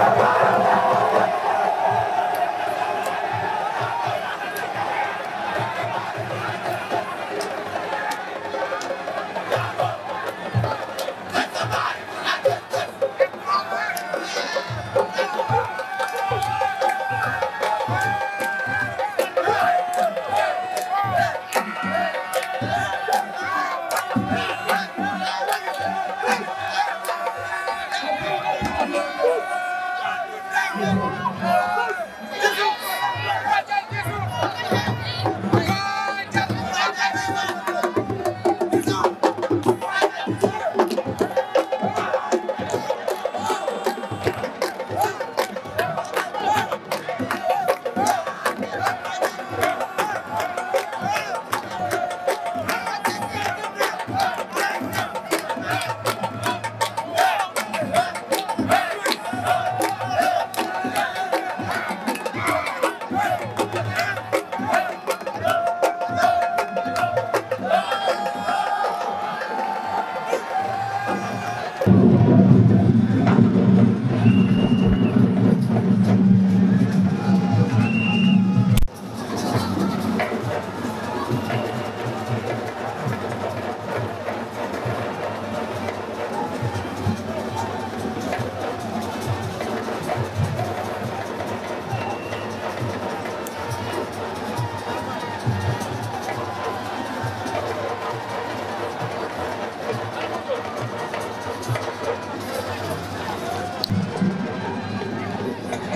Papa!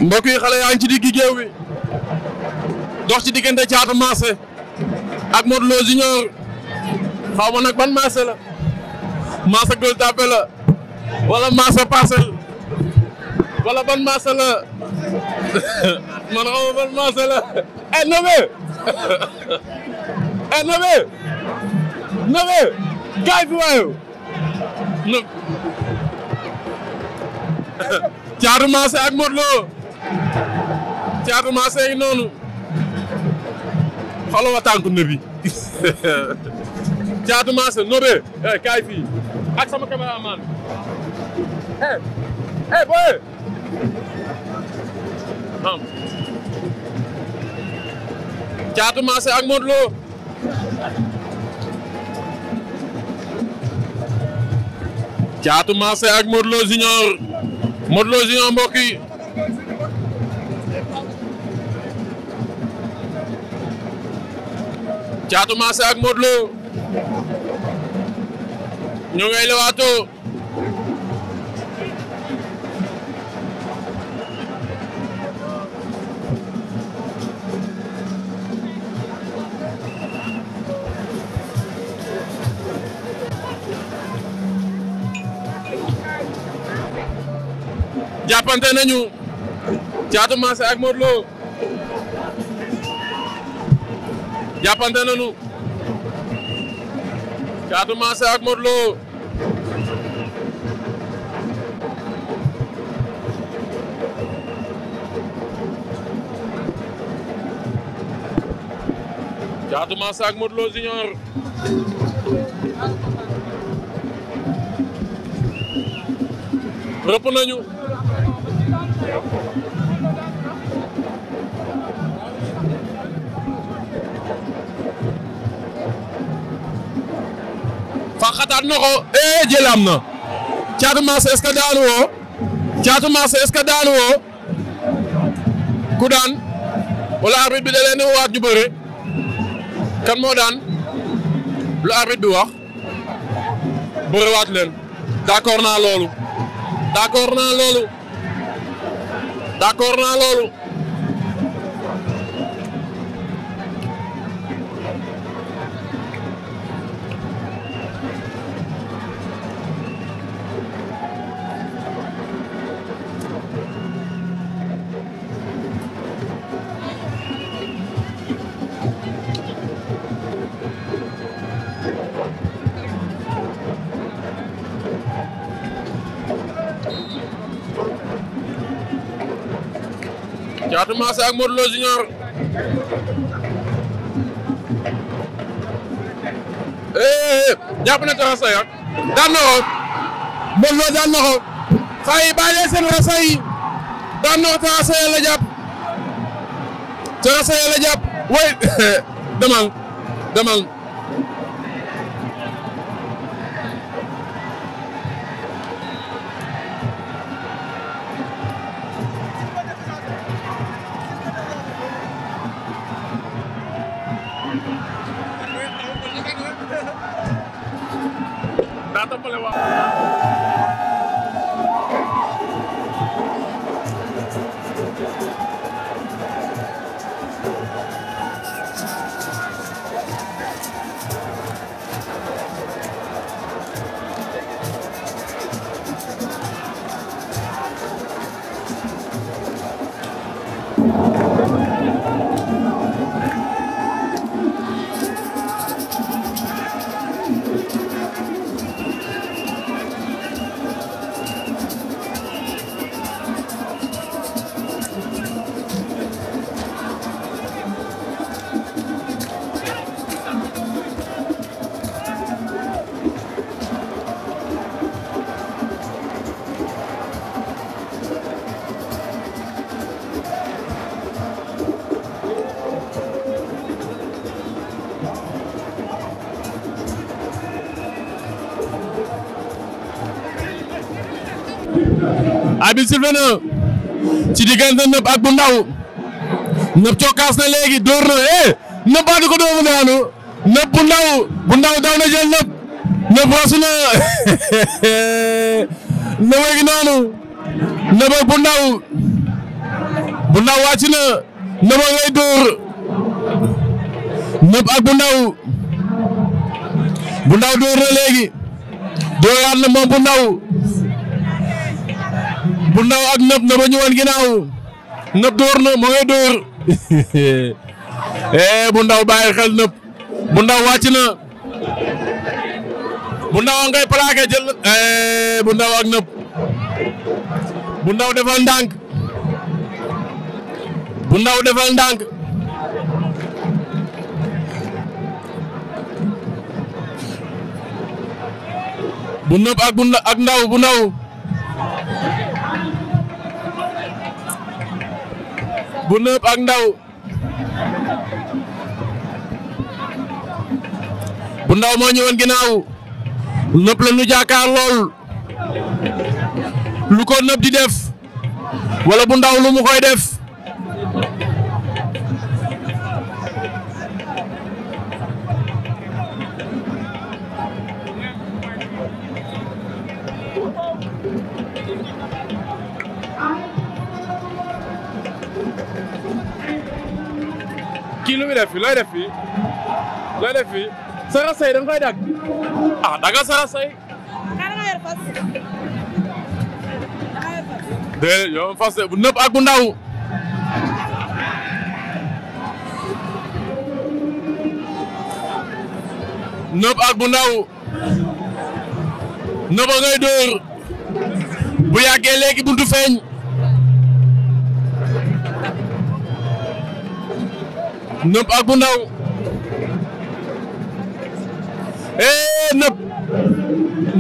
mbokk yi xale yaa ngi ci diggi géew dox ci diggante Thiatou Massé ak Modou Lo Junior xaw ma nag ban Massé la Massé Gueule Tapée la wala Massé Parcelles wala ban Massé la man xaw ma ban Massé la eh Nobé eh Nobé Nobé kaay fi waayu Thiatou Massé ak Modou Lo Caatu Maase ngi noonu xoolal ma tànku nëbi Caatu Maase nëbee eh, kaay fii ak sama caméraman eh eh boy am Caatu Maase ak Modou Lo Caatu Maase ak Junior Modou Junior mbokk Caatu Maase ak Modou Lo nañu Caatu Maase ak Modou jàppante nañu Thiatou Mansé ak Modou Lo Thiatou faxataat na ko eh jëlaam na Caatu Maas est-ce que daanu woo Caatu Maas est-ce que daanu woo ku daan wala arbitre bi da leen waat ñu bëre kan moo daan lu arbitre bi wax bëre waat leen d'accord naa loolu d'accord naa loolu d'accord naa loolu Caatu Maase ak Modou Junior eh, eh, eh jàpp na tara say ak daan na ko Modou Lo daan na ko xaay bàyyi leen seen arbitre sifflé na ci diggante nëb ak bu ndaw cokkaas na léegi dóor na eh nëb baatu ko doomu daanu nëb bu ndaw bu ndaw daw na jël nëb nëb a ngi noonu nëb ak bu ndaw bu ndaw a ngay dóor nëb ak bu ndaw bu na léegi dóoraat bu ndaw ak nëb na ba ginnaaw nëb door mu ngay door eh bu ndaw bàyyi xel nëb bu ndaw wàcc na bu ndaw a ngay plaqué jël eh bu ndaw ak nëb bu ndaw defal ndànk bu ndaw defal ndànk bu nëb ndaw bu ndaw. bu nëb ak ndaw bu ndaw moo ñëwoon ginnaaw nëb la ñu jaakaar lool lu ko nëb di def wala bu ndaw lu mu def muy def fii looy def fii looy def fii sarasay da nga koy dagg ah daga sarasay déedéet yow fas bu nëb ak bu ndaw nëb ak bu ndaw nëba ngay dóor bu yàggee léegi buntu feeñ nëb ak bu ndaw ee nëb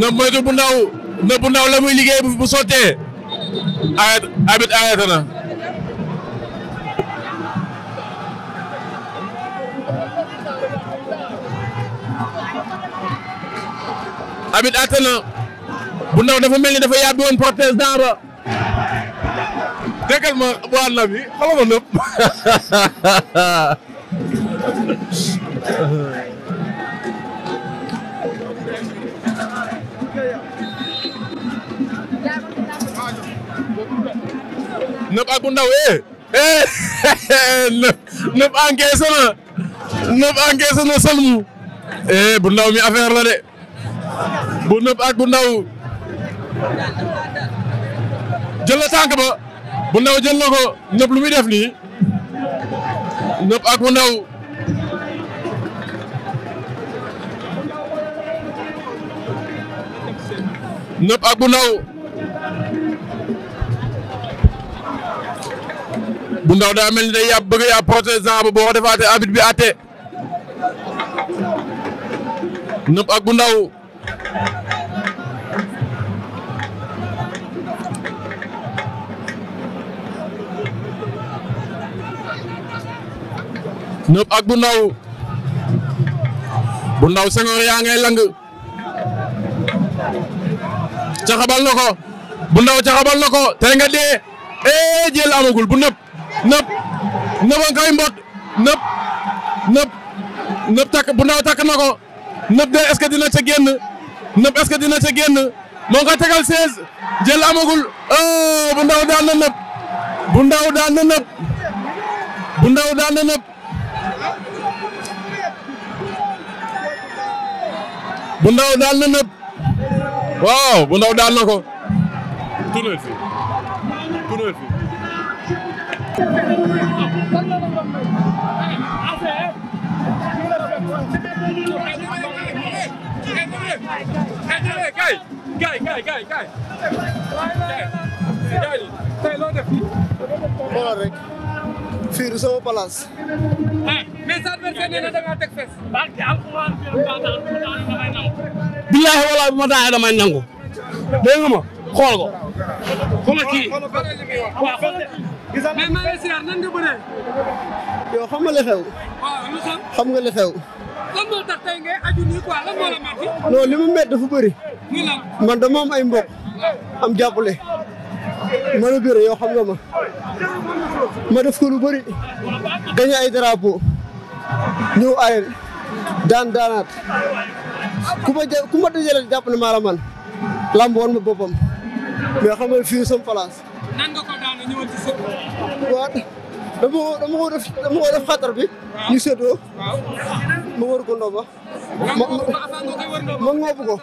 nëb moytu bu ndaw nëb bu ndaw la muy liggéey bu sottee arrêté arbitre arrêté na arbitre arrêté na bu ndaw dafa mel ni dafa yàbbi woon protège dent ba dëkkal ma bu àll bi xamal ma nëb nëb ak bu ndaw eh. eh nëb nëb encaissé na sëlmu eh bu ndaw mi affaire la de bu nëb ak bu ndaw jël ba bu ndaw ko nëb lu muy def nii nëb ak bu nëpp ak bu ndaw daa mel ni day yàpp bëgg yàpp protestant ba boo ko defaatee abit bi àtte nëpp ak bu ndaw nëpp ak bu ndaw bu ndaw sengoor yaa ngay lang caxabal na ko bu ndaw caxabal na ko tey nga dee ee eh, jël amagul bu nëb nëb nëba nga koy nëb nëb nëb takk bu ndaw takk na ko nëb de est-ce que dina ca génn nëb est-ce dina ca génn moo ngi koy tegal 16 jël amagul eh, bu ndaw daan na nëb bu ndaw daan na nëb waaw bu ndaw daan na ko. tournée fii tournée fii. kay kay kay kay kay. tey loo def fii. xoolal rek. fii du sama place. mais sa adversaire ma damay nangu. nangu. dégg nga ma xool ko. xoolal kii waaw xoolal mais yow xam nga li xam nga li xew. li mu métti dafa bëri. man dama ay mbokk. am jàppale. ma la bëre yow xam nga ma. ma def ko bëri. gañ ay drapeau. ñëw ayel daan daanaat ku ma jë ku jàpp ne maa la man lamb woon ma boppam mais xam nga fii sama dama dama ko xatar bi. ñu séddoo. ma wër ko ma ma ngóob ko.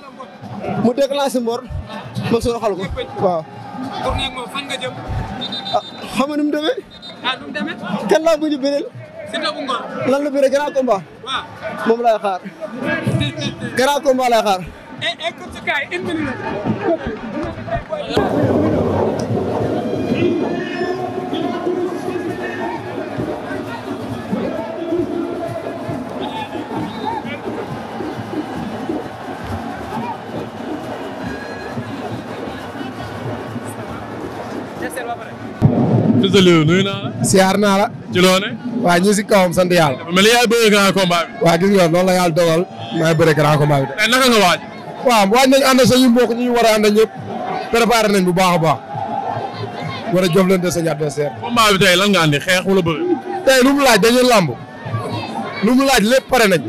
mu déclenché mbor ma sooxal ko waaw. Ah, xam nga ni ah, kan laa mujj beneen. Siteu bu Ngor. lan la bëre grand combat. waaw moom lay Fils de naa la. siyaar naa la. ci loone waa ñu si kawam sant yàlla. mais li yaay bëre grand waa gis nga loolu la yàlla dogal. maay bëre grand combat bi. mais naka nga waaj. waaw waaj nañ ànd sa ñu mbokk ñu war a ànd nañ bu baax a baax. war a jëflante sañ adversaire. combat bi tey lan nga xeex wala bëre. tey lu mu laaj dañuy làmb. lu mu laaj lépp pare nañ.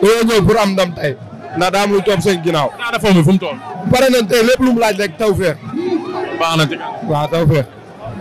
dañoo ñëw pour am ndam tey. ndax daa lu topp seen ginnaaw. daa dafa fu mu toll. pare nañ tey lépp lu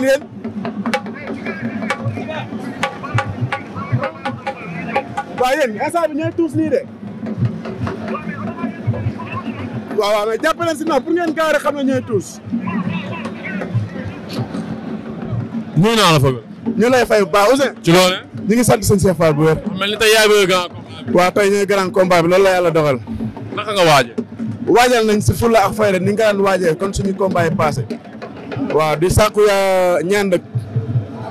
ngeen yéen waaw yéen instant bi ñooy tuus nii de waaw waaw mais si nag pour ngeen gaare xam ne ñooy tuus. nuyu naa la fa. lay fay bu baax Ousseyn. ñu ngi sant seen Cheikh Fall bu wér. mel ni tey yaay bëgg grand combat bi. waaw tey ñooy grand combat loolu la yàlla dogal. naka nga waaje waajal nañ si fulla ak fayda ni nga daan waajee kon suñu combat yi waaw di sàkku ñaan nag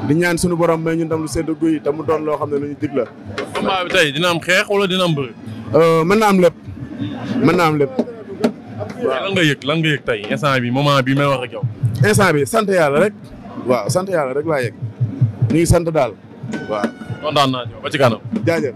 di ñaan sunu borom mais ñun tam lu sedd guy te mu doon loo xam ne lu ñu dig la. combat bi tey dina am xeex wala dina am bëri. Euh, mën na am lépp mën na am lépp. lan nga yëg lan nga yëg tey instant bi moment bi may wax ak yow. instant bi sant yàlla rek. waaw sant yàlla rek laa yëg. ñu ngi sant daal. waaw kontaan ba ci kanam. jaajëf.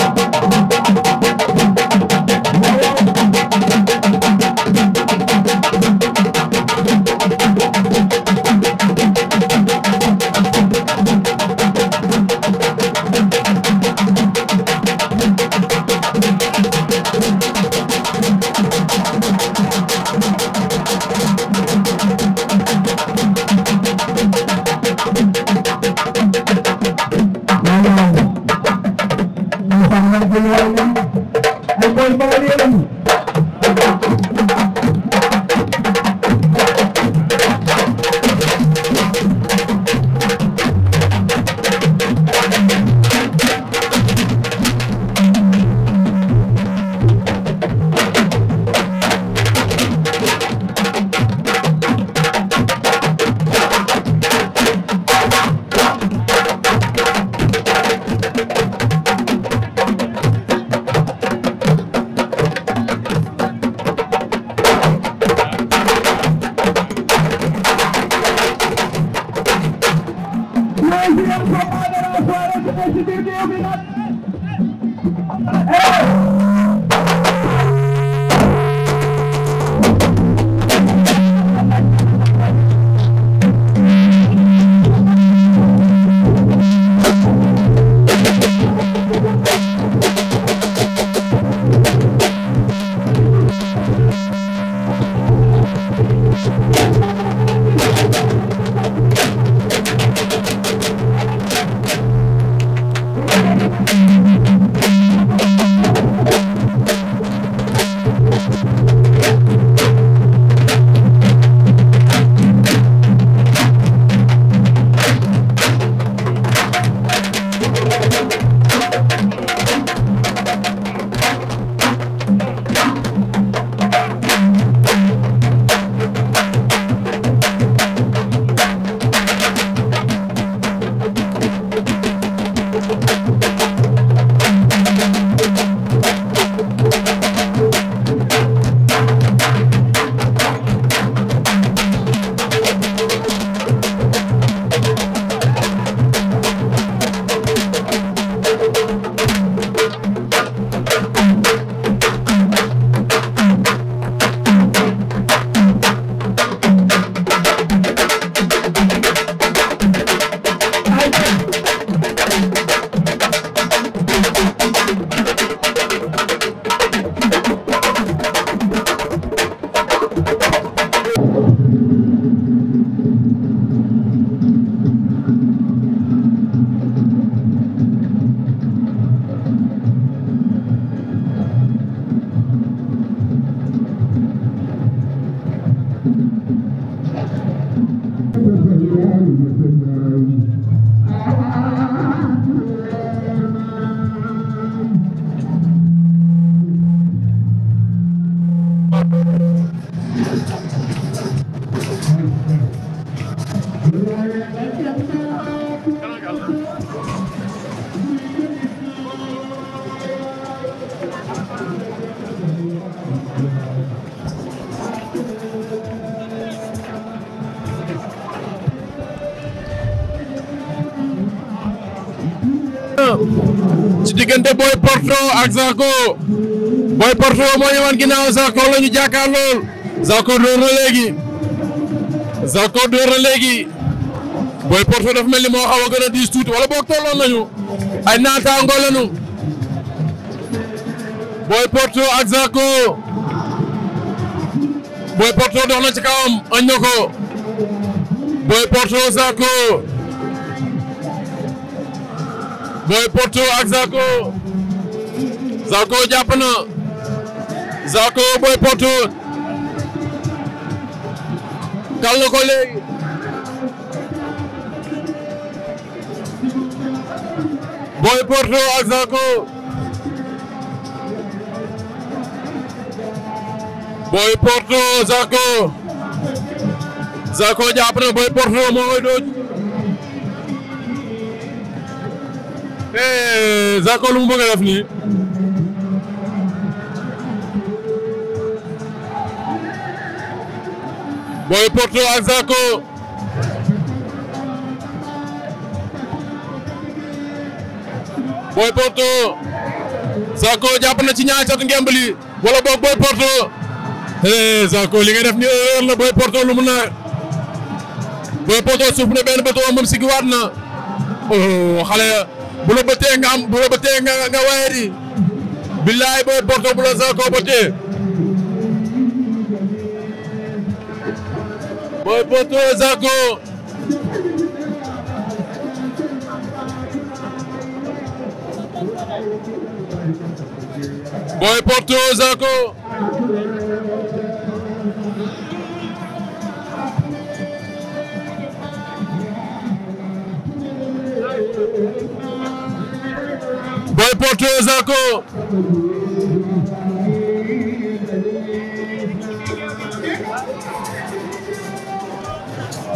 ci diggante Boy Porto ak Zarko Boy Porto moo ñu wan ginnaaw Zarko la ñu jàkkaar lool Zarko dóor na léegi booy Porto dafa mel ni moo xaw a gën a diis tuuti wala boog tolloon nañu ay naataango lañu booy Porto ak Zarko booy Porto dox ci kawam añ na ko booy Porto Zarko booy Porto ak Zarko Zarko jàpp na Zarko booy kal na Boy Bordeaux ak Zarko Boy Bordeaux Zarko Zarko jàpp na Boy Bordeaux moo koy dooj eh Zarko lu def nii Boy Bordeaux ak Zarko Boy Porto Zarko jàpp na ci ñaari catu ngemb li wala boog Boy Porto eh Zarko li nga def ni erreur Boy Porto lu mu na Boy Porto suuf na benn bët moom sigi waat na oh xale bu la bëttee nga am bu la bëttee nga Boy Porto bu la Zarko Boy Porto Zarko Boy Porto Zarko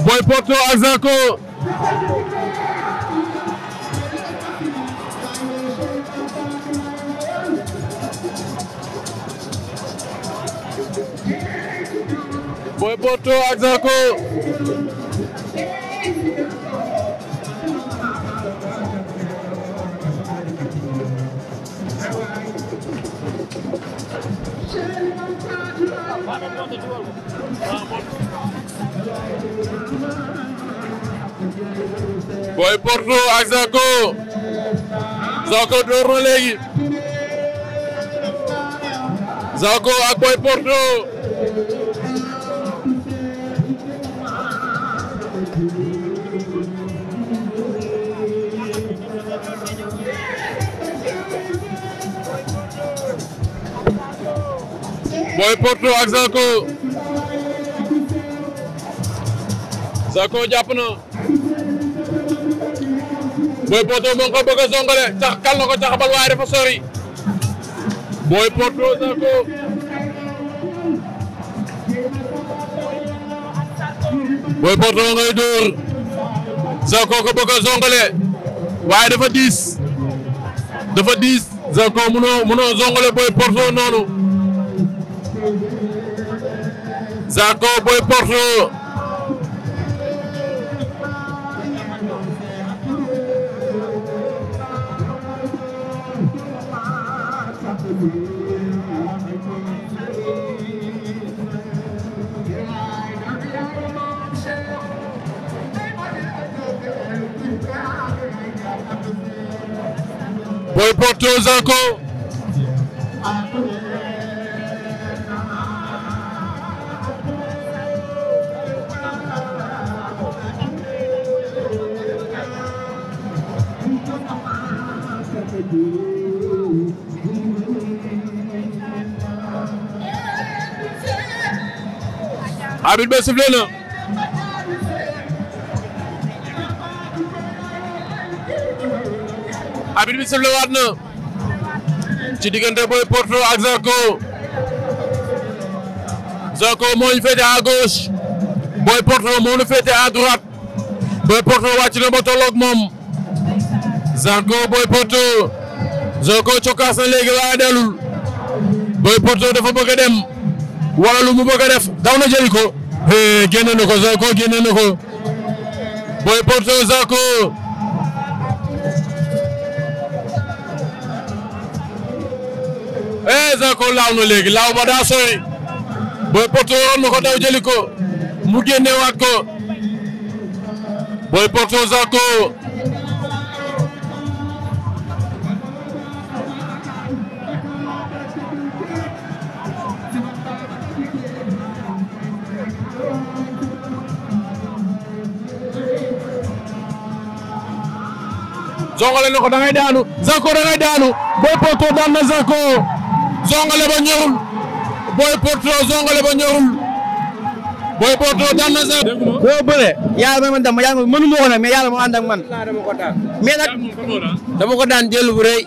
Boy Porto Zarko Boy Boy Bordeaux ak Zarko Boy Bordeaux ak Zarko ak Boy Bordeaux Boy Porto ak Zarko Zarko jàpp na Boy Porto moo ko bëgg a songale tax kal na ko taxabal waaye dafa sori Boy Porto Zarko Boy Porto ngay dóor Zarko ko bëgg a waaye dafa diis dafa diis Zarko mënoo mënoo Boy Porto noonu Zarko Boy Porto Boy Porto Zarko arbitre ba sifflé na bi sifflé na ci diggante Boy Porto ak Zarko Zarko moo ñu féete à Boy Porto moo ñu féete à Boy Porto wàcc na ba moom Zarko Boy Porto Zarko cokkaas na léegi waaye delul Boy Porto dafa bëgg dem wala lu mu bëgg def daw na Eh, génne na ko Zarko génne na ko Boy Porto Zarko eh Zarko laaw na léegi laaw ba daa sori Boy Porto ko daw jëli mu génnewaat ko Boy Porto Zarko zongale na ko da ngay daanu Zarko da ngay daanu Boy Porto daan na Zarko zongale ba ñorul Boy Porto zongale ba ñorul Boy Porto daan na Zarko. boo bëree yàlla may man dama yàlla mënuma ko nag mais yàlla moo ànd man. mais nag dama ko daan jël bu rëy.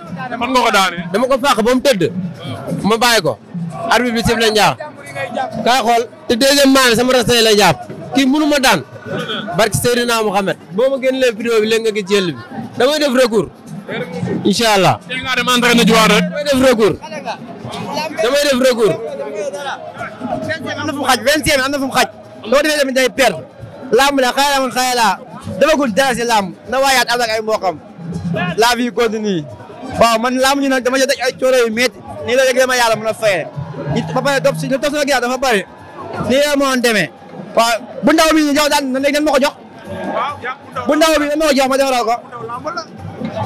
dama ko fàq boo mu tëdd. ma bàyyi ko. arbitre bi sif la kaa xool te deuxième maa sama rasta lay jàpp. kii mënu ma daan barke Seydina Mohamed boo ma génn leen vidéo bi léegi nga gis jël bi damay def recours incha allah damay def recours damay def recours. am na fu mu xaj vingtième am na fu mu xaj loo defee tamit day perte làmb la xëy na man xëy naa defagul dara si làmb na waayaat am ak ay mboqam la vie continue waaw man làmb ñu nag dama jot ay coono yu métti nii la rek dama yàlla mën a fayee ba pare topp si li topp sama ginnaaw dafa bëri nii la moo demee. waaw bu ndaw bi yow daan na léegi nan ma ko jox bu ndaw bi nan ma ma defaral ko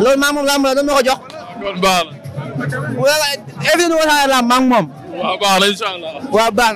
loolu maa moom lamb la nan ma ko jox baax na évité nu Wassare Lamb maa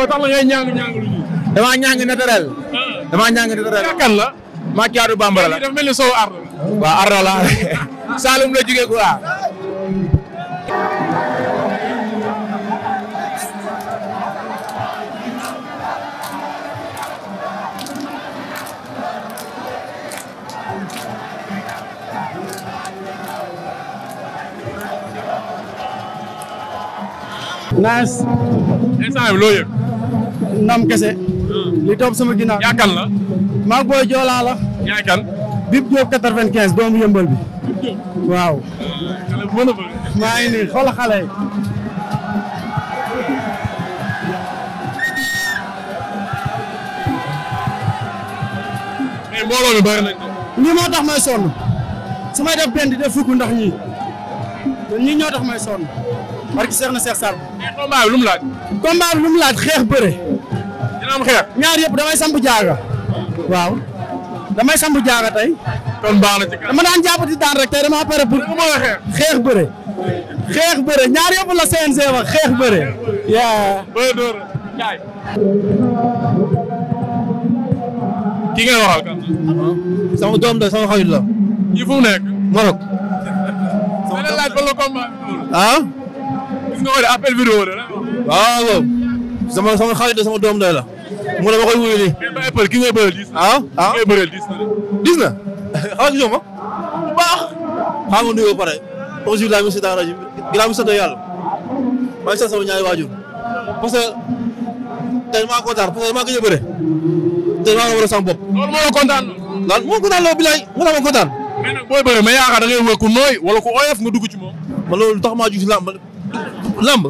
woo tax la ngay ñaang ñaang lu ñu. damaa ñaang naturel. Ah. damaa maa caadu bambara la ni la Saloum la ndam kese. Hmm. li topp sama ginnaaw. yaa kan la. maa booy joolaa la. yaa kan. Bib Diop 95 doomu bi. waaw. xale bu mën a bëri. maa ngi nii xool xale yi. Eh, mais may sonn. su may def benn di def fukk ndax ñii. ñii ñoo tax may sonn. parce seex na seex Sarr. mais eh, combat bi lu mu laaj. combat bi lu mu laaj xeex bëre. dina am xeex. ñaar yëpp damay samp jaaga. waaw damay samp jaaga tey. baax na ci dama daan jàpp di daan rek tey dama pare pour. xeex bëre. xeex bëre ñaar yëpp la CNG wax xeex bëre. yaa. sama doom de sama xarit la. kii fu mu sama doom la sama doom de la. mu ne ma koy wuyuli. mais Baye ki ngay bëreel diis na. ah ah ki ngay bëreel diis na de. diis na xanaa ah, gisoo ma bu baax. xaaral ma nuyoo ba pare. auzu billaahi mina shaytaani rajiim. ginnaaw bi sant yàlla. maa ngi sant sama ñaari waajur. parce que tey maa kontaan parce que maa ngi gëj a bëre. tey maa ngi war a sama bopp. loolu moo la kontaan. lan moo kontaan loolu bilaay moo tax ma kontaan. mais nag booy bëre mais yaakaar da ngay wër ku nooy wala ku oyof nga dugg ci moom. ma loolu tax maa jug si làmb lamb.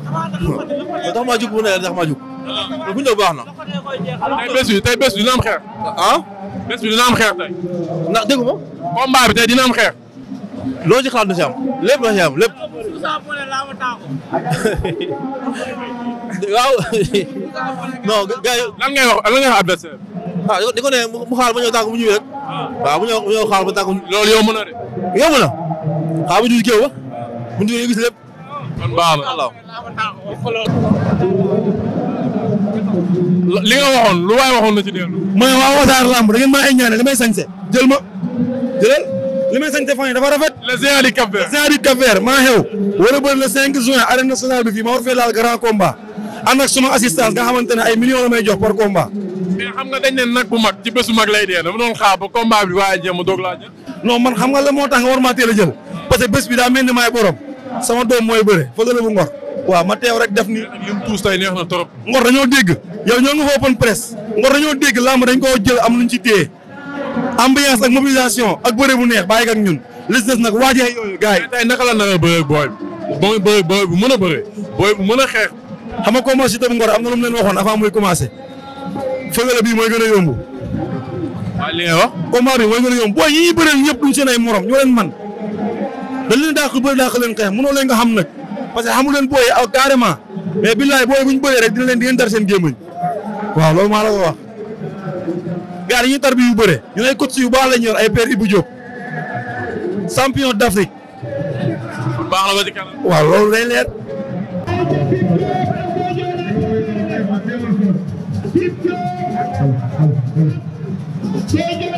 ndax maa jug bu ne ndax maa jug. te bu ñu baax na. tey bés bi tey bés bi dina am xeex. ah. bés bi dina am xeex tey. na déggu ma. combat bi tey dina am xeex. loo ci xaar na si am lépp na si am lépp. waaw. non gars lan ngay wax lan ngay wax adversaire. ah di ko ne mu xaar ba ñëw tànk mu ñëwee rek. waaw bu ñëw bu ñëw xaar ba tànk loolu yow mën na de. yow mën na. xaar bu ñu géew ba. bu ñu gis lépp. kon baax na li nga waxoon lu waay waxoon na ci dellu. mooy waa Wassare Lamb da ngeen maa ay ñaane li may sañse jël ma jëlal li sañse fan dafa rafet. le géant du Cap Vert le géant du Cap Vert maa xew. war a bëri le 5 juin arène nationale bi fii ma war fee grand combat ànd ak sunu assistance nga xamante ne ay millions la may jox par combat. xam nga dañ ne nag bu mag ci bésu mag lay dee dama doon ba combat bi waaye jéem a doog non man xam nga la moo tax war maa teel a jël parce que bés bi daa mel ni maay borom. sama doom mooy bëre fëgale bu ngor waaw ma teew rek def ni tuus tay neex na trop ngor dañoo dégg yow ñoo ngi fa open press ngor dañoo dégg lamb dañ koo jël am luñ ci téye ambiance ak mobilisation ak bëre bu neex bàyyi ko ak ñun li des nag waajee yooyu gars tay naka la nara bëree booy booy booy bu mën a bëree booy bu mën a xeex xam nga commencé itam ngor am na lu mu leen waxoon avant muy commencé fëgale bii mooy gën a yomb waaw li bi mooy gën a yomb booy yi ñuy bëree ñëpp duñ seen ay morom ñoo dañ leen dàq bëri dàq leen xeex mënoo leen nga xam nag parce que leen booy aw carrément mais billaay booy bu ñu bëree rek dina leen di ngeen dar seen gémmañ waaw loolu maa la ko wax gars yi ñuy tar bi yu bëre ñu ay coach yu baax la yor ay père Ibou Diop champion d'Afrique baax la ba ci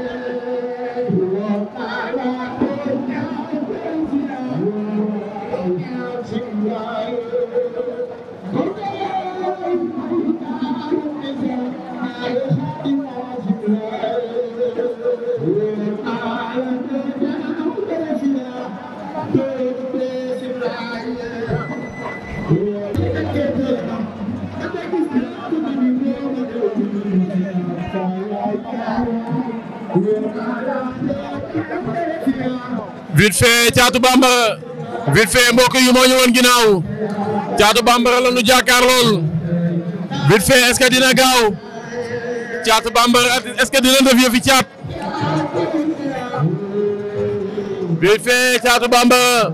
vite fait Thiatou Bambara vite fait mbokk yi moo ñëwoon ginnaaw Thiatou Bambara la nu jàkkaar lool vite fait est dina gaaw Thiatou Bambara est-ce dina def yëfi caat vite fait Thiatou Bambara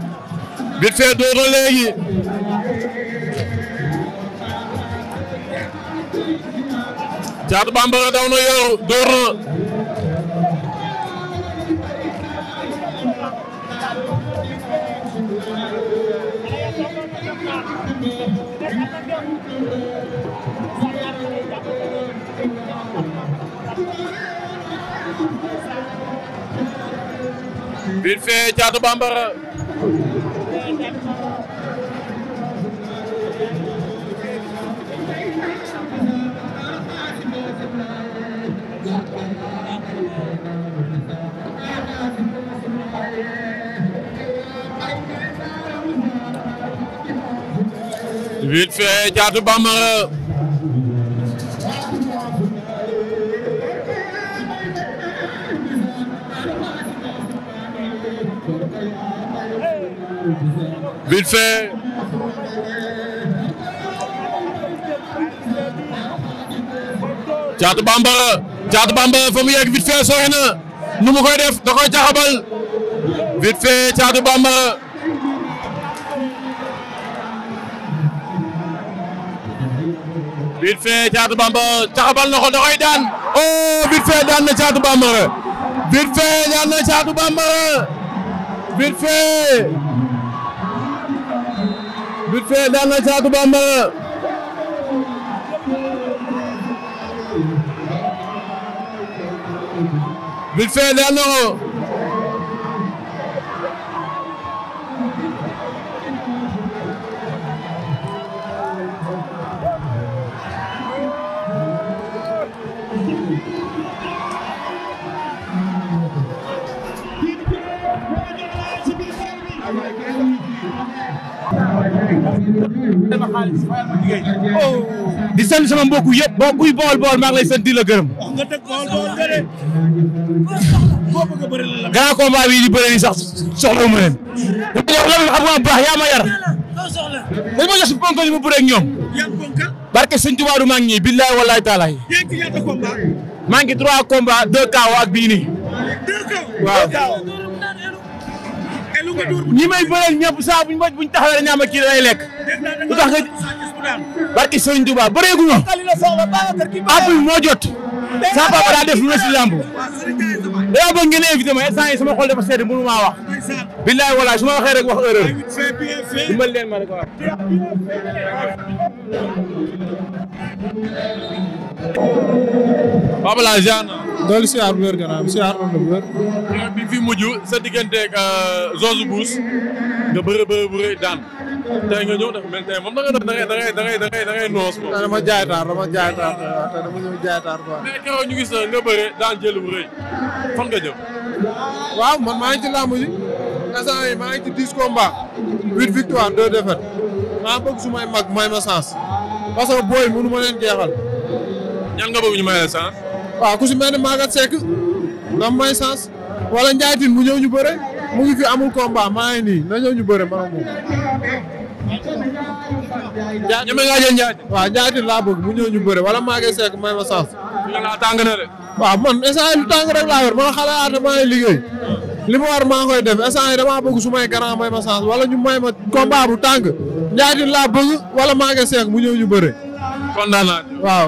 Big Fé door léegi Caatu Bambara daw na yor door na Big Caatu Bambara vite fait Thiatou Bambara vite fait Thiatou Bambara Thiatou Bambara fa mu yegg vite nu mu def da koy jaxabal vite Bit Fe Thiatou Bambara taxabal na ko da koy daan oh Bit Fe daan na Thiatou Bambara Bit Fe daan na Thiatou Bambara Bit Fe Bit Fe daan na Thiatou Bambara Bit Fe daan na ko dama oh. di sant sama mbokk yëpp boo bool bool maa ngi lay sant di la gërëm. wax nga teg bool di bëri sax soxla ma leen. dama jox loolu xam nga bu baax yaa ma yar. dañ ma jox si ponkal yi ma bëree ak barke sëñ Tuubaa du maa ngi billaahi wallaahi taalaay. maa ngi trois combats deux KO ak bii waaw. ñi may bëreel ñëpp saa buñ buñ taxawee dañu am ak kii lay lekk. lu tax nga barki Sëriñ Tuubaa ma. Abdoul moo jot. sa papa daa def lu ne si lamb. dama bëgg ngeen invité ma instant yi sama xol dafa sedd mënu maa wax. billaay walaay su ma wax. Papa Laye ziar na. doole siyaar bu wér gannaaw siyaar na bu wér. bi fi mujj sa digganteeg euh, George Bush nga bëre bëre bu rëy daan tey nga ñëw dafa mel tey moom da nga da ngay da ngay da ngay da ngay da ngay noos moom. dama jaay taar dama jaay taar te dama ñëw jaay taar quoi. mais keroog ñu gis na nga bëre daan jël bu rëy fan nga jëm. waaw man maa ngi ci làmb ji instant yi maa ngi ci dix combats huit victoires deux défaites maa bëgg su may mag may ma chance. parce que booy mënu ma leen jeexal. ñan nga bëgg ñu may la chance. waaw ku si mel ni Maguette na may chance. wala Ndiaye Tine mu ñëw ñu bëre mu ngi fi amul combat maa ngi nii na ñëw ñu bëre man ak moom. Ndiaye ñeme ngaa jël Ndiaye laa bëgg mu ñëw ñu bëre wala Maguette Seck may ma chance. ñu ne la tàng man instant lu tàng rek laa yor man xale aata maa liggéey. li ma war maa koy def instant yii damaa bëgg su may grand may ma chance wala ñu may ma combat bu tàng ñaari laa bëgg wala maa ngi seeg mu ñëw ñu bëre. kontaan naa waaw.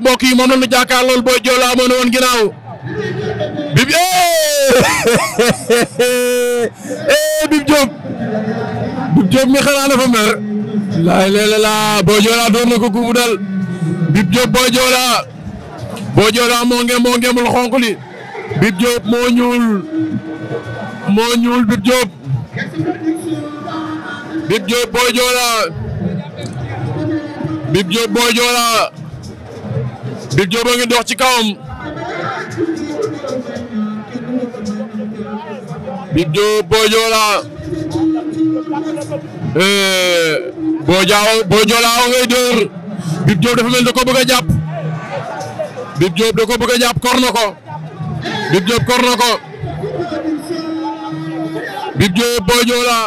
mbokk yi moom la ñu jàkkaarlool Boy Bib eh, eh Bib Diop mi xanaa dafa mer laay léeg laa Boy Diop doon na ko guubu dal Bib Diop Boy Diop Boy Diop moo nge Bib Diop moo ñuul Bib Diop Bib Diop Boy Bib Diop Boy Big Diop a ngi dox ci kawam. Big Diop Boy Diola. Eh, Boy Diaw Boy Diola aw ngay dóor. Big Diop dafa mel da ko bëgg a jàpp. Big ko bëgg a kor na ko. Big kor na ko. Big Diop Boy Diola.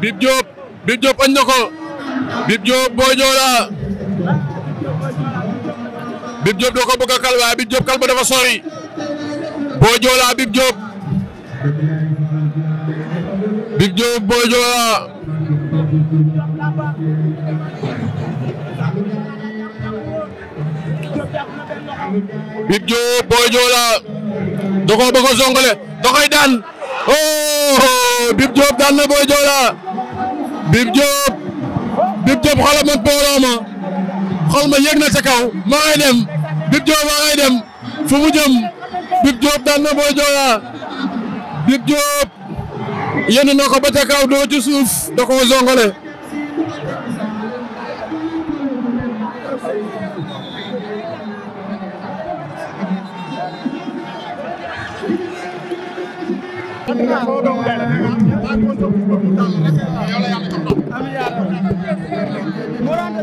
Big Diop Big Diop añ Bib Diop Boy Bib Diop doo ko bëgg Bib Diop kal dafa sori Boy Bib Diop Bib Diop Boy Niolaa Bib Diop Boy oh, Bib Diop daan na Boy Bib Diop Bib Diop xoolal man booloo ma xool ma yéeg na ca kaw ma Bib Diop daan na Boy Bib Diop yenn na ba ca kaw suuf da koo zongale.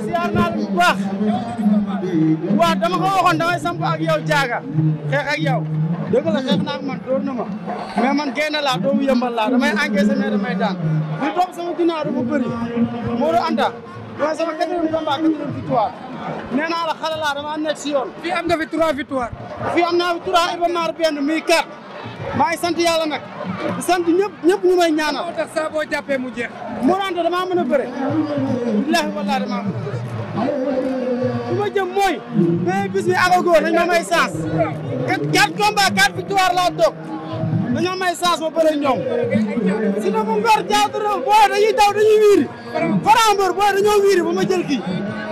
siyaar naa la bu baax waaw dama ko waxoon damay samp ak yow jaaga xeex ak yow dëgg la xeex naa man dóor na ma man gaynde laa doomu yëmbal laa damay encaissé mais damay daan bu topp sama ginnaaw dafa bëri Modou Anta damay sama quatrième combat quatrième victoire nee naa la xale laa dama nekk yoon fii am nga fi trois victoire fii am naa fi trois Iba Mar benn muy quatre maa ngi sant yàlla nag di sant ñëpp ñëpp ñu may ñaanal. moo tax saa boo jàppee mu jeex. Mor Anta damaa a bëre. billaahi wallaahi damaa mën a bëre. su ma jëm mooy. mais bis bi agogoo dañoo may chance. kat quatre combats quatre victoire laa toog. dañoo may chance ma bëre ñoom. si na mu ngor jaadu na booy dañuy daw dañuy wiiri. faram mbër booy dañoo wiiri ba ma jël kii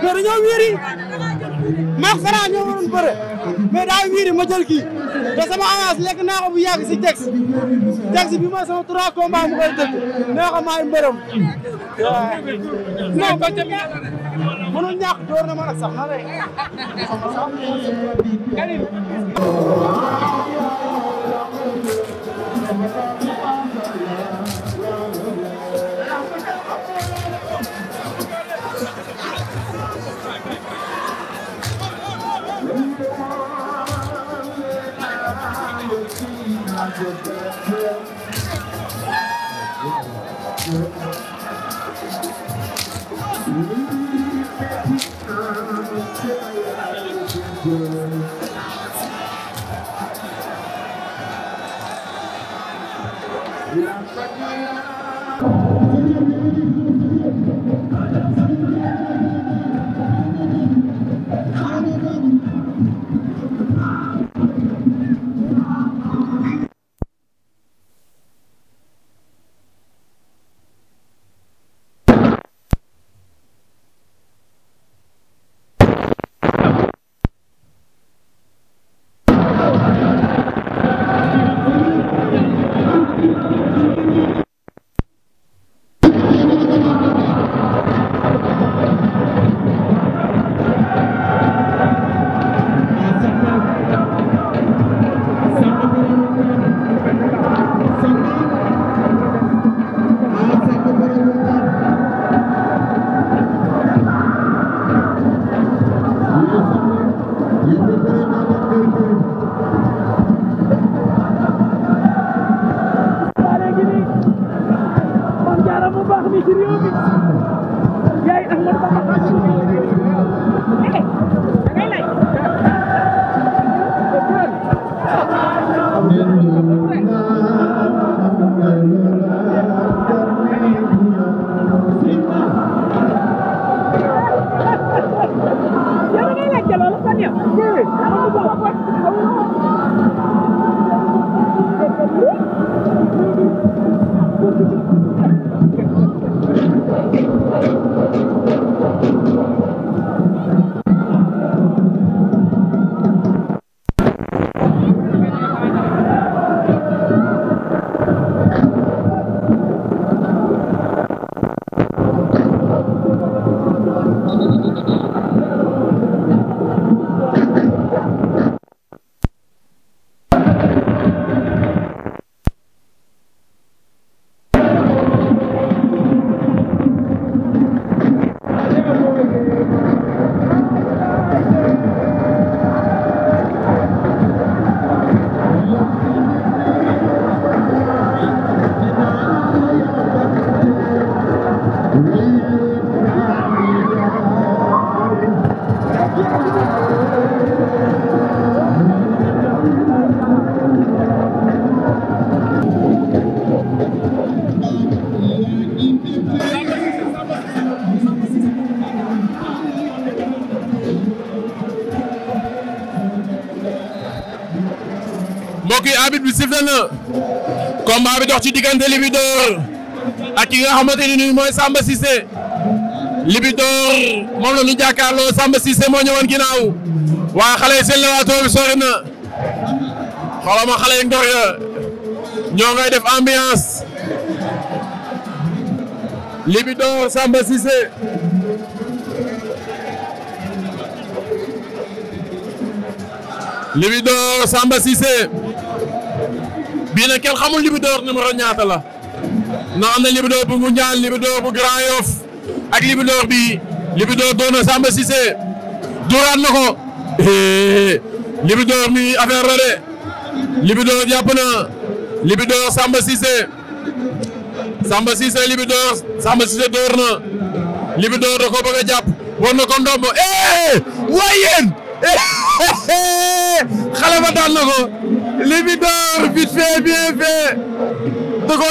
mais dañoo wiiri. maag Franc ñoo waroon bëre mais daa wiiri ma jël kii te sama lekk naa ko bu yàgg si Jax Jax bi mooy sama trois combats mu koy dëkk nee ko maay mbërëm waaw non mënul ñàkk door na ma nag sax na lay sifflé na combat bi dox ci diggante Libidor ak ki nga xamante ni nii mooy Samba Cissé Libidor moom la ñu jàkkaarloo Samba Cissé moo ñëwoon ginnaaw waa xale yi seen lewaatoo bi sori na xoolal ma xale ya ñoo ngay def ambiance Libidor Samba Cissé. bii nag kenn xamul Libidor numéro ñaata la ndax am na Libidor bu Ngoundiane Libidor bu Grand Yoff ak Libidor bi Libidor doon na Samba Cissé dóoraat na ko Libidor mi affaire la de Libidor jàpp na Libidor Samba Cissé Samba Cissé Libidor Samba Cissé dóor na Libidor da ko a jàpp war na ko ndombo eh waay xale na ko li bi door vite fait bien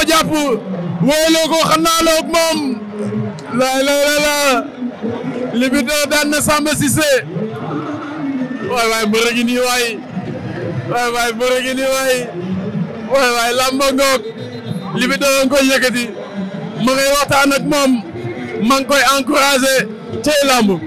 jàpp wóoloo ko xam moom laay la la la li daan na Samba Cissé waay waay waay waay waay waay waay waay ngoog li bi koy yëkkati ma ngay waxtaan moom ma koy encouragé cey làmb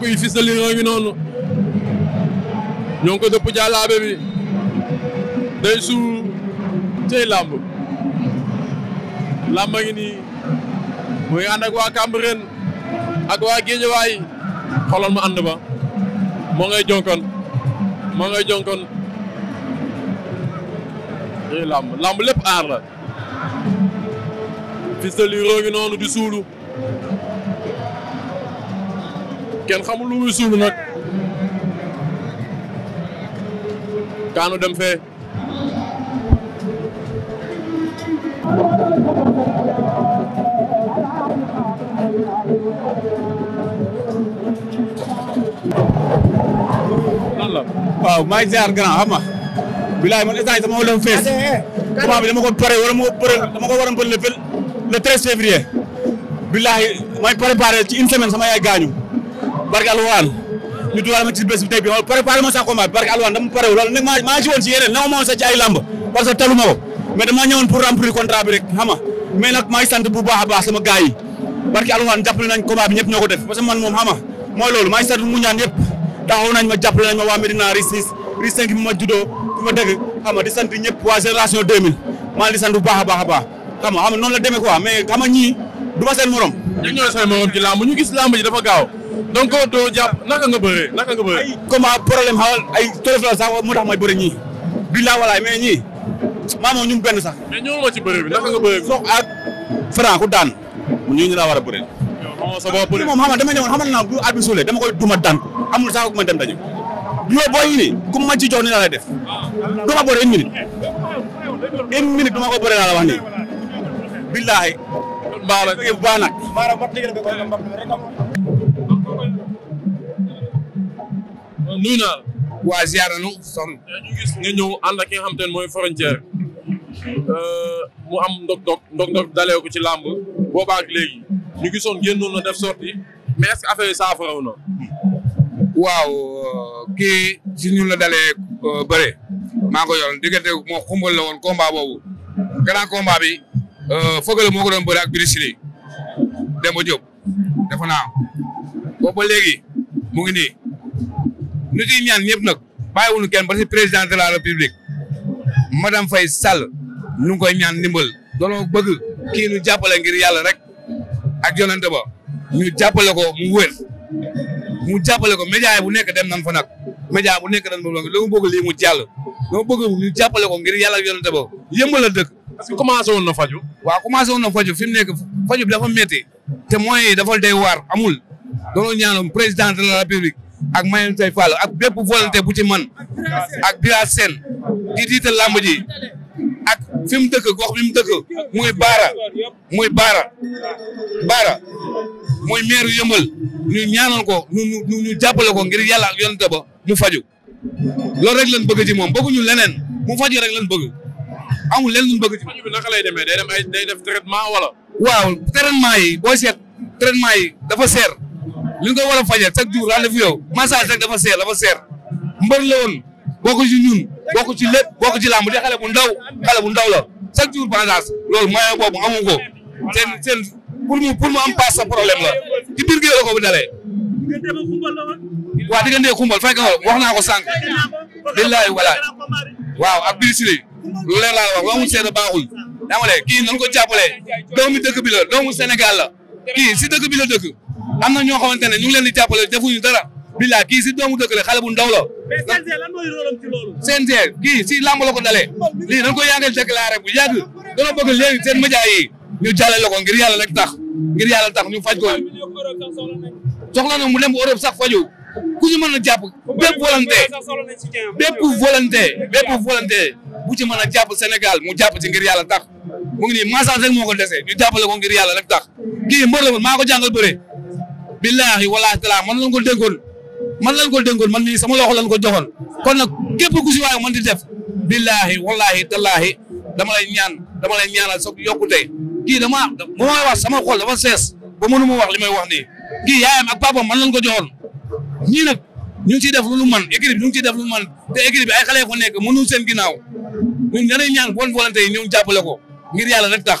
mbokk yi Fils de noonu ñoo ngi ko dëpp bi day suur cey làmb làmb ngi nii muy ànd ak waa Cambérène ak waa Guédiawaye xoolal ma ba moo ngay jonkon moo ngay jonkon cey làmb làmb lépp aar la Fils de noonu di suulu kenn xamul dem fee waaw maa ngi ziar grand xam nga bilaay man instant yi sama wàllum fees combat eh, bi dama ko pare wala ma pare dama ko war a le le treize février bilaay may ci une semaine sama yaay gaañu barke alwaan ñu dugal ma ci bés bi tey bi ma woon ma woon sa ci ay lamb parce que taluma ko mais dama ñëwoon pour remplir contrat rek xam nga mais maa ngi sant bu baax a baax sama gars yi barke alwaan jàppale nañ combat bi ñoo ko def parce que man moom xam nga loolu maa ngi sant mu ñaan ñëpp taxaw ma jàppale nañ ma waa Medina Risis Ris 5 ma juddoo fi ma dëgg xam di sant ñëpp waa génération 2000 maa ngi sant bu baax a baax a baax da nga koo naka nga bëree naka nga bëree. ay combat problème xawal ay tolof la sax moo tax benn sax. mais ñëw ma ci bëree bi naka nga bëree. sox ak Franc ku daan ñu ñu laa war a bëree. yow sa bopp moom xam dama ñëwoon xamal naa bu arbitre suulee dama koy daan amul sax ku ma dem dañu. yooyu booy yi nii ku ma ci jox ni def. du ma bëri une minute. ko bëree laa la wax nii. billaahi. mbaa nag. nuyu naa waa ziar nañu sonn ñu gis nga ñëw ànd ak ki nga xam te ne mooy frontière euh, mu am ndog-ndog ndog-ndog ko ci làmb boobaak léegi ñu gisoon génnoon na def sorti mais est-ce que affaire yi saafaraw na waaw euh, kii si ñun la dalee euh, bëre maa ngi ko yoroon diggante moo xumbal la woon combat boobu grand combat ñu ciy ñaan ñëpp nag bàyyiwuñu kenn ba si président de la république madame Faye Sall ñu ngi koy ñaan ndimbal doonoo bëgg kii ñu jàppale ngir yàlla rek ak yonente ba ñu jàppale ko mu wér mu jàppale ko média yi bu nekk dem nan fa nag média bu nekk nan fa nag lu mu bëgg lii mu jàll dama bëgg ñu jàppale ko ngir yàlla ak yonente ba yëmbal la dëkk parce commencé woon na faju waaw commencé woon na faju fi mu nekk faju bi dafa métti te moyens yi dafa day waar amul doonoo ñaanoon président de ak Mayel Tay Fall ak bépp volonté bu ci mën ak Bira Sène di diital làmb ji ak fi mu dëkk gox bi mu dëkk muy Baara muy Baara Baara muy meeru yëmbal ñu ñaanal ko ñu ñu jàppale ko ngir yàlla ak yonente ba mu faju loolu rek lañ ci moom bëgguñu leneen mu faju rek lañ bëgg amul lenn luñ bëgg ci naka lay demee day day def traitement wala waaw traitement yi boo seet traitement yi dafa seer li nga war a fajal chaque jour rendez-vous yow massage rek dafa seer dafa seer mbër la woon bokk ci ñun bokk ci lépp bokk di xale bu ndaw xale la chaque jour bandage lool moyen boobu amu ko seen seen pour mu pour mu am paas sa problème la ci biir géej la ko bu dalee. waaw diggante xumbal fay ko wax naa ko sànq. billaahi wala waaw ak biir si lii lu laa wax waxuñu seet a baaxul daa ma ne kii nañu ko jàppale doomu dëkk bi la doomu la kii si dëkk bi dëkk. am na ñoo xamante ne ñu ngi leen di jàppale defuñu dara billaay kii si doomu dëkk la xale bu ndaw la. mais CNG lan mooy rôle am si làmb la ko dalee lii dañ ko yàggal déclaré bu yàgg dana bëgg léegi seen média yi ñu jàllale ko ngir yàlla rek tax ngir ñu faj ko soxla na mu dem Europe sax faju ku ñu mën a jàpp bépp volonté bépp volonté bépp volonté bu ci mën a jàpp Sénégal mu jàpp ci ngir yàlla tax mu ngi nii massage rek moo ko dese ñu jàppale ko ngir yàlla rek tax kii mbër jàngal bëre billaahi walaahi taala man lañ ko dénkoon man lañ ko dénkoon man nii sama loxo lañ ko joxoon kon nag képp ku man di def billaahi walaahi talaahi dama lay ñaan dama lay ñaanal sa yokkute kii dama bu may wax sama xol dafa sees ba mënu ma wax li may wax nii kii yaayam ak papaam man lañ ko joxoon ñii nag ñu ngi def lu man équipe bi ñu ngi ciy def lu man te ay bi ay xale ko nekk mënu seen ginnaaw ñun ñaanay ñaan bonne volonté yi ñëw jàppale ko ngir yàlla rek tax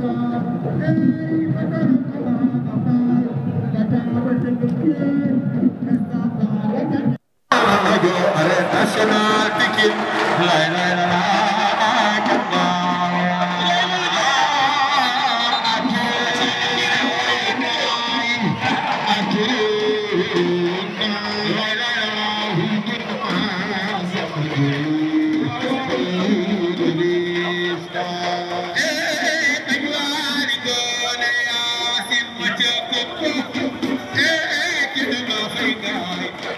Thank you.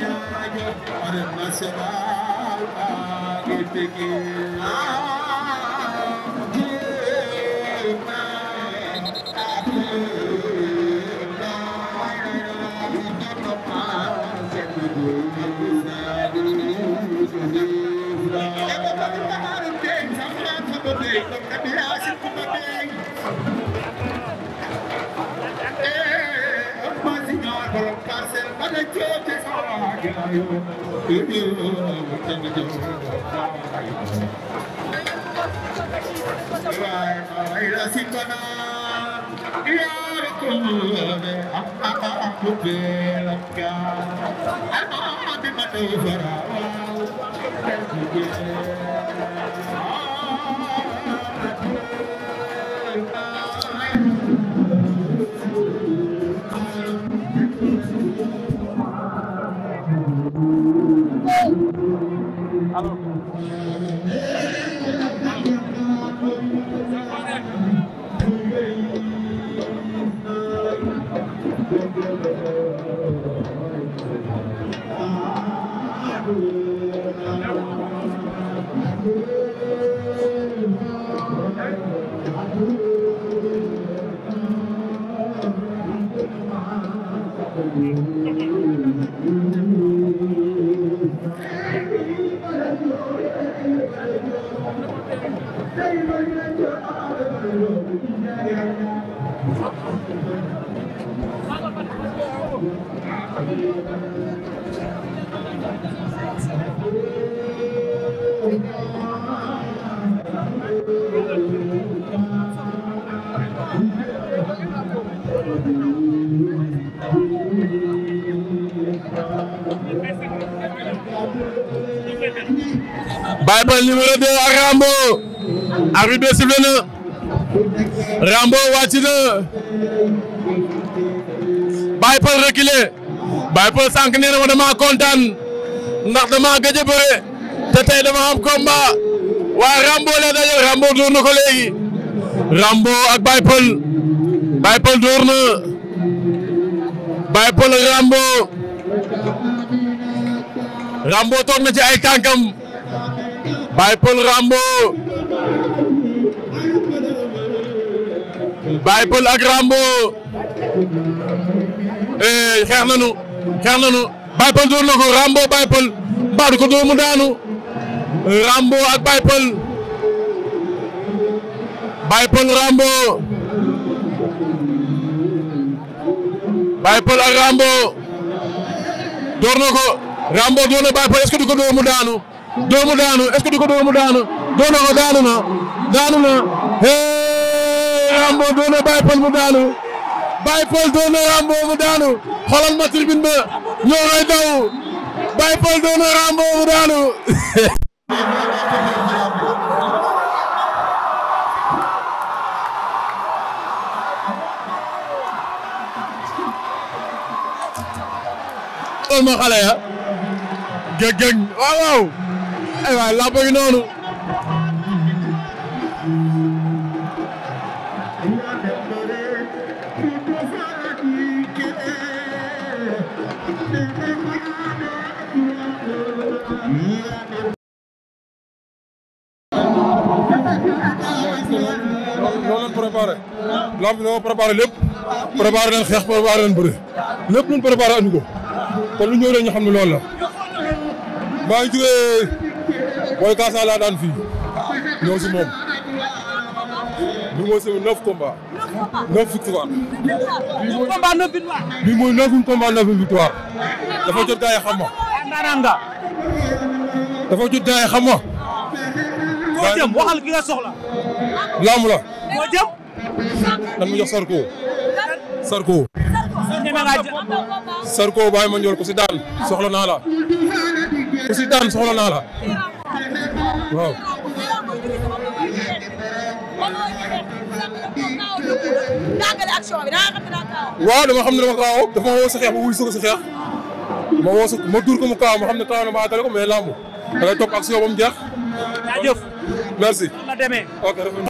jaajo arène nationale baa ngi Pikine Yes. parcelle ba la jóge sama gaayo ibil tan jóge waaye la sibana yaar ko ne amma ko bela ka amma de ma do fara wa Baye Peulh numéro 2 Rambo arbitre bi sifflé Rambo wàcc na Baye Peulh reculé Baye Peulh sànq nee na ma dama kontaan ndax dama gëj a bëre te tey dama am combat waaye Rambo la dajal Rambo dóor na ko léegi Rambo ak Baye Peul Baye Peul dóor na Baye Peul ak Rambo Rambo toog na ci ay tànkam Baye Peul Rambo Baye Peul ak Rambo eh xeex nañu xeex nañu Baye Peulh door na Rambo Baye Peulh mbaa du Rambo ak Baye Peulh Rambo Baye Rambo door na ko Rambo door daanu dóor daanu est-ce daanu door na ko hee Rambo door na Baye mu daanu. Baye Paul doon na Rambo mu daanu xoolal ma tribune ba ñoo ngay daw Baye Paul doon na Rambo mu daanu. xool ma xale ya. gëg gëg waaw waaw. ay waay làmb gi noonu. préparé lamb bi dañoo préparé lépp préparé leen xeex préparé leen bëri lépp luñ préparé andi kon lu ñëw rek ñu xam la maa ngi jugee Kaasa laa daan fii ñëw si moom bi mooy sama neuf combat neuf victoire bi mooy neuf combat neuf victoire la moo jëm. lan mu jox Sarko. Sarko. Sarko bàyyi ma ñëw ku si daan soxla naa la. ku si daan soxla naa la. waaw. waaw dama xam ne dama kaawoo dafa ma woo si xeex ma wuyu si ko si xeex. ma woo si ma dur ko mu kaaw ma xam ne kaaw na ma àggale ko mais làmb da ngay topp action ba mu jeex. jaajëf. merci. ok.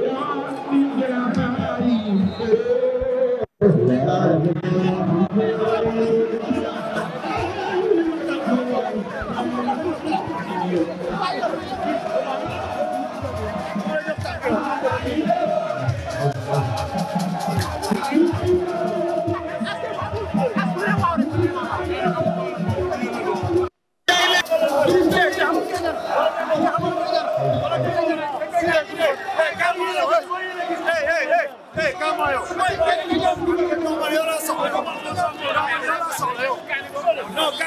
eh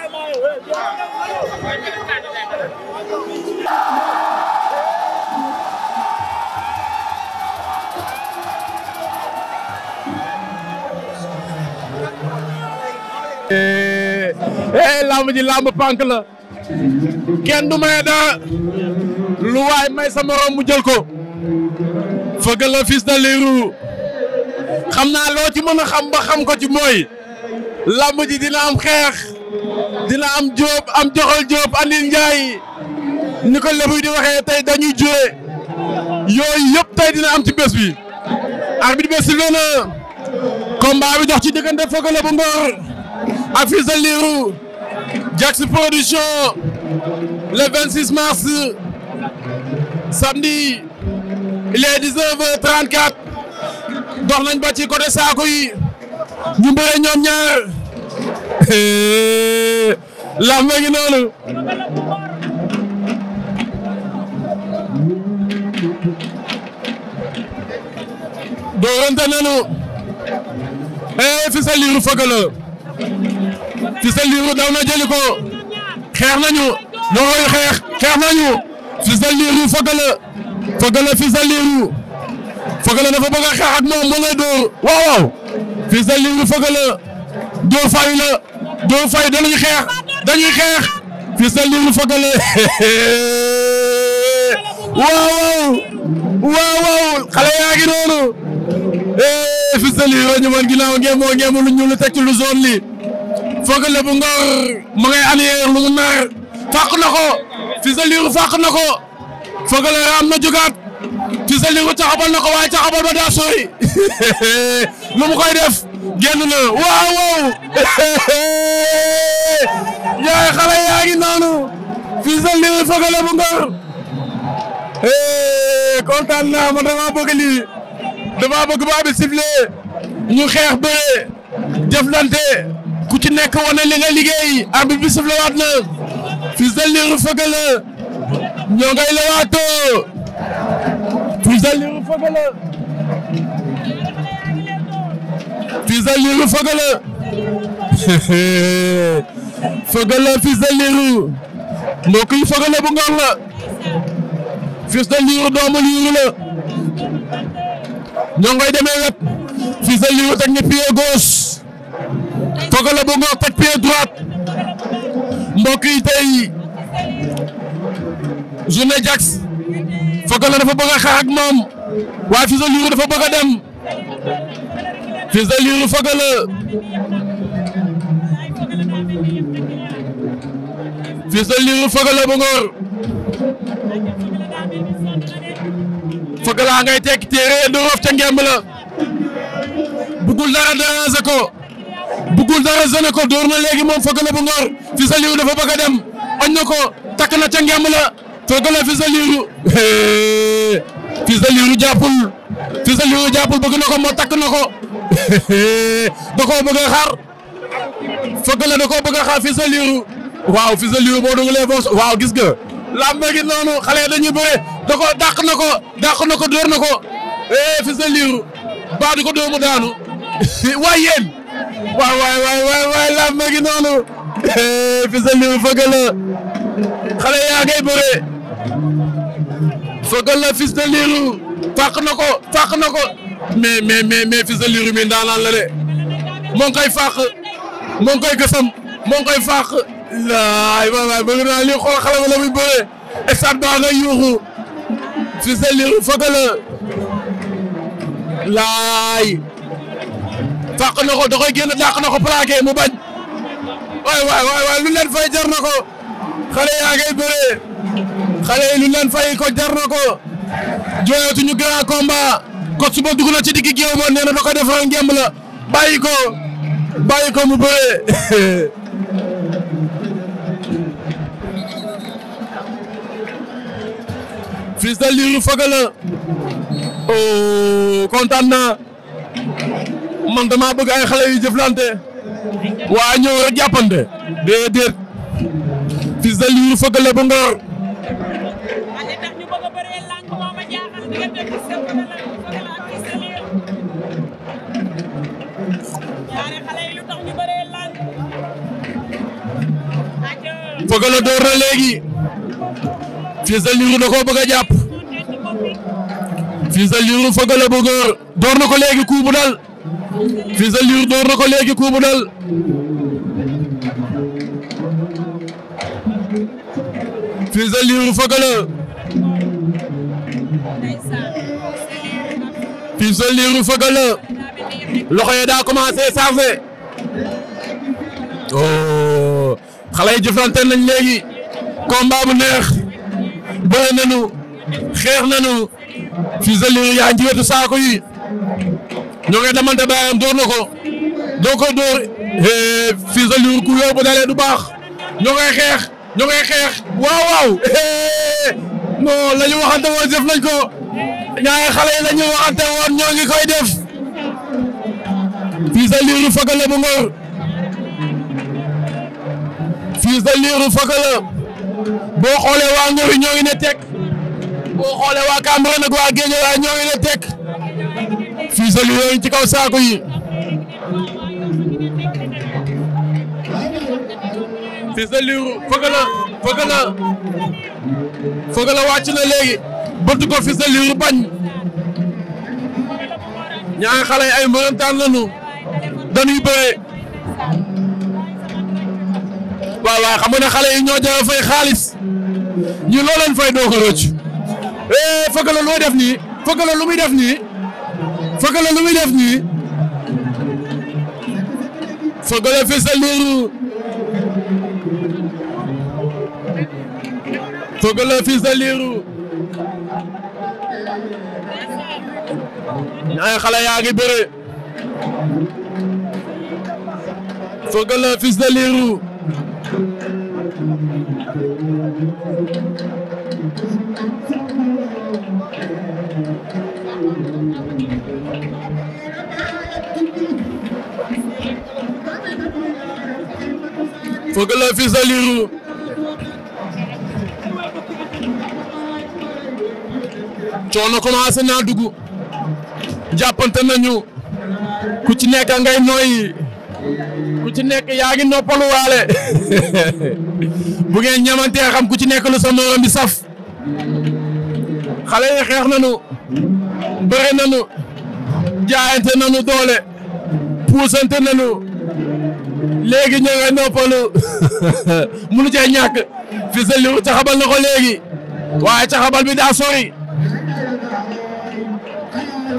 lamb ji lamb pànk la kenn du may da lu waay may sa morom mu jël ko fëgg la Fils de Lirou xam naa loo ci mën a xam ba xam ko ci mooy lamb ji dina am xeex dina am Diop am joxal Diop Alioune Ndiaye ni ko lebuy di waxee tey dañuy juree yooyu yëpp tey dina am ci bés bi. arbitre bi sifflé na combat dox ci diggante Feugeleu bu Ngor ak Fils de Lirou production le 26 mars samedi il est 19h34 dox nañ ba ci côté saako yi ñoom ñaar. Eh, lamb ngi noonu doorante nanu ee eh, fi sa liiru fëgala fi liiru daw na jëli ko xeex nañu ñooy xeex nañu fi liiru fëgala fëgala fi liiru fëgala dafa bëgg a xeex ak moom mu door waaw waaw liiru fëgala Dóor fay la Dóor fay dañuy xeex xeex Fils de Lirou Feugelé waaw waaw waaw xale noonu eh, Fils de Lirou ñu mën ginnaaw ngeen moo ngeen lu ñuul teg lu zone li Feugelé bu ngor ma ngay arrière lu mu nar fàq na ko Fils de Lirou fàq na raam na jugaat Fils de Lirou taxabal na ko ba daa lu mu koy def. génn na waaw waaw yaay yaa ngi noonu fii sa lii fogale bu ngor eh, kontaan naa man dama bëgg dama bëgg ba bi sifflé xeex bëre jëflante ku ci nekk wane li liggéey arbitre bi waat na fii sa lii fogale ñoo ngay lewaatoo fii sa lii fogale Fils de Lirou Feugeuleu Feugeuleu Fils de Lirou mbokk yi doomu Lirou la ñoo ngay demee wet Fils de Lirou teg na pied gauche Feugeuleu bu Ngor teg pied mbokk yi tey journée Diaks dafa bëgg a xaar ak moom de dafa bëgg dem. Fils de Lirou Feugeuleu Fils de Lirou Feugeuleu bu Ngor Feugeuleu ngay tekki téere du rof bugul dara déranger ko bugul dara zone ko door na léegi moom Feugeuleu bu Ngor Fils de dafa bëgg a dem añ na ko takk na ca ngemb la Feugeuleu Fils de Lirou Fils de Lirou jàppul Fils de Lirou jàppul bëgg moo takk na ko da koo bëgg a xaar fëgg la da koo bëgg a xaar Fils de Lirou waaw Fils de Lirou boo dugalee boos waaw gis nga làmb gi noonu xale yi dañuy bëre da ko dàq na ko dàq na ko dóor na ko eh Fils de Lirou baa di ko doomu daanu waay yéen waay waay waay waay waay làmb gi noonu eh, Fils de Lirou fëgg la xale yaa ngay bëre fëgg la Fils de Lirou fàq na ko fàq na ko mais mais mais mais Fils de Lirou mi ndaanaan la de moo koy fàq moo koy gësam moo ngi koy fàq laay waay waay bëgg naa lii xool xale ba la muy bëree stade baa yuuxu Fils de Lirou foog la laay fàq na ko da koy génn dàq na ko plaqué mu bañ waay waay lu leen fay jar ko xale yaa ngay bëree xale yi lu leen fay ko jar na ko jooyatuñu grand combat. coach ba dugg na ci digg géew ma nee na da koy defaral ngemb la bàyyi ko bàyyi ko mu bëree. Fils de Lirou Feugeula oh kontaan naa man dama bëgg ay xale yu jëflante waa ñëw rek jàppante déedéet Fils de Pakala door na léegi Fils de Lirou da koo bëgg a jàpp Fils de Lirou Pakala bu góor door na ko léegi kuubu dal Fils de Lirou door na ko léegi kuubu dal Fils de Lirou Pakala Fils de Lirou Pakala loxo yi daa commencé saafé oh xale yi jëflante nañ léegi combat bu neex bëre nañu xeex nañu Fils de yaa ngi wetu saako yi ñoo ngi demante baayam door na ko doo ko door Fils de ku yow bu du baax ñoo ngay xeex ñoo xeex waaw waaw non la ñu waxante woon def nañ ko ñaari xale yi la ñu ñoo ngi koy def Fils de Lirou fagal la gis dañ liiru Feugeuleu boo xoolee waa Ngor ñoo ngi ne tek boo xoolee waa Cambérène ak waa Guédiawaye ñoo ngi ne tek Fils ci kaw saako yi Fils de Lirou Feugeuleu Feugeuleu Feugeuleu wàcc na léegi bëtt ko Fils de bañ ñaari xale ay mbërëntaan lañu dañuy bëree waaw waaw xam xale yi ñoo jara fay xaalis ñu loo fay doog a rëcc eh, Feugeuleu loo def nii Feugeuleu lu muy def nii Feugeuleu lu muy def nii Feugeuleu Fils de Lirou Feugeuleu Fils de Lirou ñaari xale yaa Feugeleu Fils de Lirou coono commencé naa dugg jàppante nañu ku ci nekk ngay noyyi ku ci nekk yaa ngi noppalu waale bu ñamantee xam ku ci nekk lu sa morom bi saf xale yi xeex nanu bëre nanu jaayante nanu doole puusante nanu léegi ña nga noppalu munu cee ñàkk caxabal na ko léegi waaye caxabal bi daa sori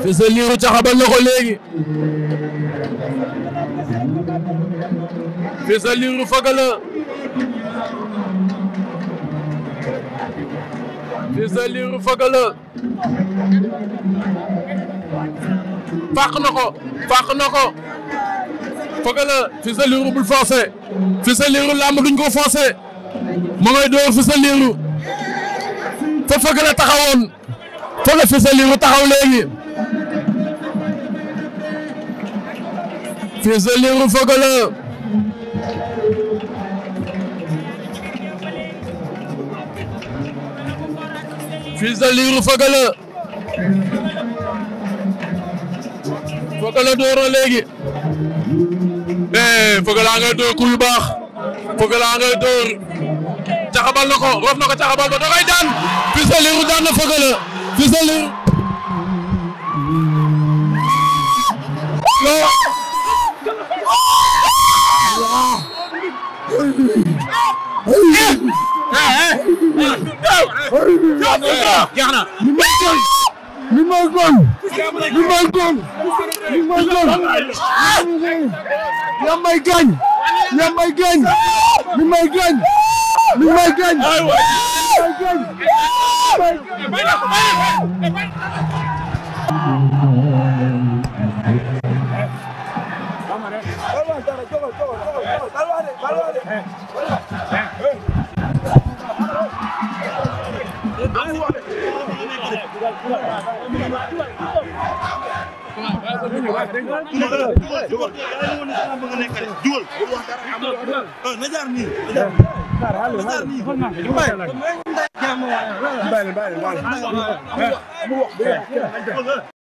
fii caxabal na léegi fils de Lirou Feugeuleu fils de Lirou Feugeuleu na ko fàq na ko Feugeuleu fils de Lirou bul forcé fils de Lirou làmb duñ ko forcé ma ngay dóor fils de Lirou fa Feugeuleu taxawoon fa la fils de Lirou taxaw léegi Fils de Lirou Feugeula Feugeula door na léegi eh Feugeula ngay door ku yu baax Feugeula ngay door caxabal na ko roof na ko caxabal ba da koy daan Fils de Lirou daan na Feugeula Fils de Lirou waaw jeex na. li may doon. li may waaw waaw waaw waaw